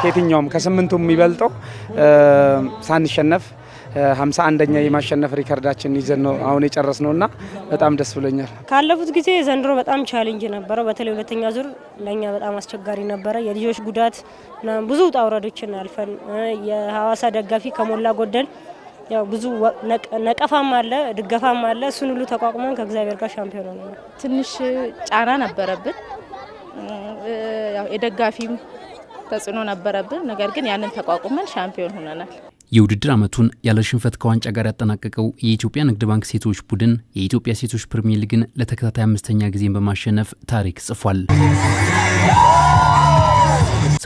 ከየትኛውም ከስምንቱ የሚበልጠው ሳንሸነፍ ሀምሳ አንደኛ የማሸነፍ ሪከርዳችን ይዘን ነው አሁን የጨረስ ነው እና በጣም ደስ ብሎኛል። ካለፉት ጊዜ ዘንድሮ በጣም ቻሌንጅ ነበረው። በተለይ ሁለተኛ ዙር ለእኛ በጣም አስቸጋሪ ነበረ። የልጆች ጉዳት ብዙ ውጣ ውረዶችን አልፈን የሀዋሳ ደጋፊ ከሞላ ጎደል ያው ብዙ ነቀፋም አለ ድገፋም አለ። እሱን ሁሉ ተቋቁመን ከእግዚአብሔር ጋር ሻምፒዮን ሆነ። ትንሽ ጫና ነበረብን የደጋፊም ተጽዕኖ ነበረብን። ነገር ግን ያንን ተቋቁመን ሻምፒዮን ሆነናል። የውድድር ዓመቱን ያለ ሽንፈት ከዋንጫ ጋር ያጠናቀቀው የኢትዮጵያ ንግድ ባንክ ሴቶች ቡድን የኢትዮጵያ ሴቶች ፕሪሚየር ሊግን ለተከታታይ አምስተኛ ጊዜን በማሸነፍ ታሪክ ጽፏል።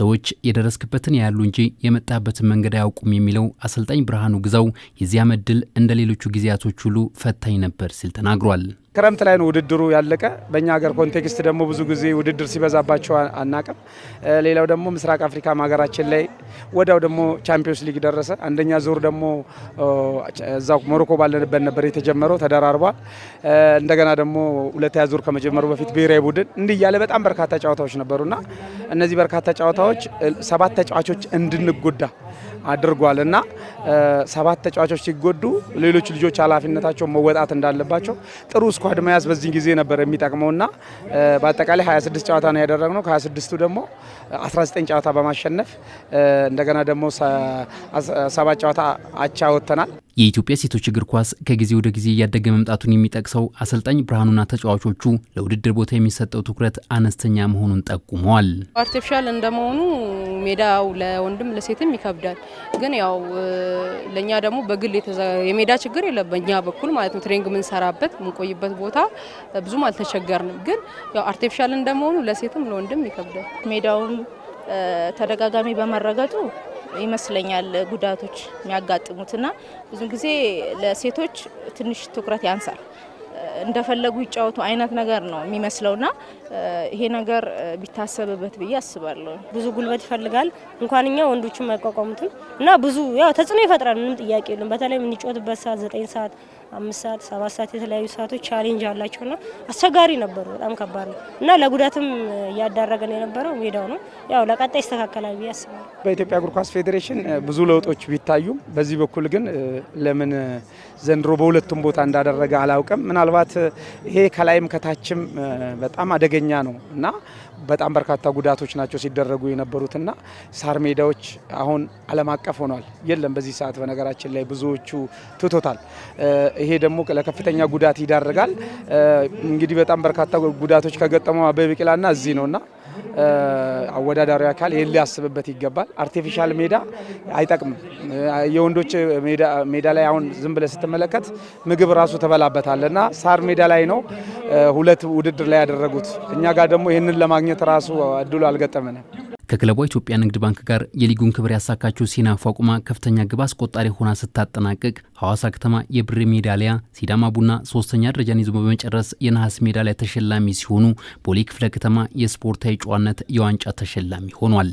ሰዎች የደረስክበትን ያሉ እንጂ የመጣበትን መንገድ አያውቁም የሚለው አሰልጣኝ ብርሃኑ ግዛው የዚህ ዓመት ድል እንደ ሌሎቹ ጊዜያቶች ሁሉ ፈታኝ ነበር ሲል ተናግሯል። ክረምት ላይ ነው ውድድሩ ያለቀ። በእኛ ሀገር ኮንቴክስት ደግሞ ብዙ ጊዜ ውድድር ሲበዛባቸው አናቅም። ሌላው ደግሞ ምስራቅ አፍሪካ ሀገራችን ላይ ወዲያው ደግሞ ቻምፒዮንስ ሊግ ደረሰ። አንደኛ ዙር ደግሞ እዛው ሞሮኮ ባለንበት ነበር የተጀመረው፣ ተደራርቧል። እንደገና ደግሞ ሁለተኛ ዙር ከመጀመሩ በፊት ብሔራዊ ቡድን እንዲህ እያለ በጣም በርካታ ጨዋታዎች ነበሩና እነዚህ በርካታ ጨዋታዎች ሰባት ተጫዋቾች እንድንጎዳ አድርጓልና ሰባት ተጫዋቾች ሲጎዱ ሌሎች ልጆች ኃላፊነታቸውን መወጣት እንዳለባቸው ጥሩ ስኳድ መያዝ በዚህ ጊዜ ነበር የሚጠቅመውና በአጠቃላይ 26 ጨዋታ ነው ያደረግነው። ከ26ቱ ደግሞ 19 ጨዋታ በማሸነፍ እንደገና ደግሞ ሰባት ጨዋታ አቻ ወጥተናል። የኢትዮጵያ ሴቶች እግር ኳስ ከጊዜ ወደ ጊዜ እያደገ መምጣቱን የሚጠቅሰው አሰልጣኝ ብርሃኑና ተጫዋቾቹ ለውድድር ቦታ የሚሰጠው ትኩረት አነስተኛ መሆኑን ጠቁመዋል። አርቲፊሻል እንደመሆኑ ሜዳው ለወንድም ለሴትም ይከብዳል። ግን ያው ለእኛ ደግሞ በግል የሜዳ ችግር የለም በእኛ በኩል ማለት ነው። ትሬኒንግ የምንሰራበት የምንቆይበት ቦታ ብዙም አልተቸገርንም። ግን ያው አርቲፊሻል እንደመሆኑ ለሴትም ለወንድም ይከብዳል። ሜዳውን ተደጋጋሚ በመረገጡ ይመስለኛል ጉዳቶች የሚያጋጥሙትና ብዙ ጊዜ ለሴቶች ትንሽ ትኩረት ያንሳል። እንደፈለጉ ይጫወቱ አይነት ነገር ነው የሚመስለውና ይሄ ነገር ቢታሰብበት ብዬ አስባለሁ። ብዙ ጉልበት ይፈልጋል። እንኳን እኛ ወንዶችም አይቋቋሙትም እና ብዙ ያው ተጽዕኖ ይፈጥራል። ምንም ጥያቄ የለም። በተለይ የምንጫወትበት ሰዓት ዘጠኝ ሰዓት አምስት ሰዓት ሰባት ሰዓት የተለያዩ ሰዓቶች ቻሌንጅ ና አስቸጋሪ ነበሩ። በጣም ከባድ ነው እና ለጉዳትም እያዳረገን የነበረው ሜዳው ነው። ያው ለቀጣይ ይስተካከላል ብዬ አስባለሁ። በኢትዮጵያ እግር ኳስ ፌዴሬሽን ብዙ ለውጦች ቢታዩም በዚህ በኩል ግን ለምን ዘንድሮ በሁለቱም ቦታ እንዳደረገ አላውቅም። ምናልባት ይሄ ከላይም ከታችም በጣም አደገኛ ነው እና በጣም በርካታ ጉዳቶች ናቸው ሲደረጉ የነበሩትና ሳር ሜዳዎች አሁን ዓለም አቀፍ ሆኗል። የለም በዚህ ሰዓት በነገራችን ላይ ብዙዎቹ ትቶታል። ይሄ ደግሞ ለከፍተኛ ጉዳት ይዳርጋል። እንግዲህ በጣም በርካታ ጉዳቶች ከገጠመው አበበ ቢቂላና እዚህ ነውና አወዳዳሪ አካል ይህን ሊያስብበት ይገባል። አርቲፊሻል ሜዳ አይጠቅምም። የወንዶች ሜዳ ላይ አሁን ዝም ብለህ ስትመለከት ምግብ ራሱ ተበላበታል እና ሳር ሜዳ ላይ ነው ሁለት ውድድር ላይ ያደረጉት። እኛ ጋር ደግሞ ይህንን ለማግኘት ራሱ እድሉ አልገጠመንም። ከክለቧ ኢትዮጵያ ንግድ ባንክ ጋር የሊጉን ክብር ያሳካችው ሲና ፏቁማ ከፍተኛ ግብ አስቆጣሪ ሆና ስታጠናቅቅ፣ ሐዋሳ ከተማ የብር ሜዳሊያ፣ ሲዳማ ቡና ሶስተኛ ደረጃን ይዞ በመጨረስ የነሐስ ሜዳሊያ ተሸላሚ ሲሆኑ፣ ቦሌ ክፍለ ከተማ የስፖርታዊ ጨዋነት የዋንጫ ተሸላሚ ሆኗል።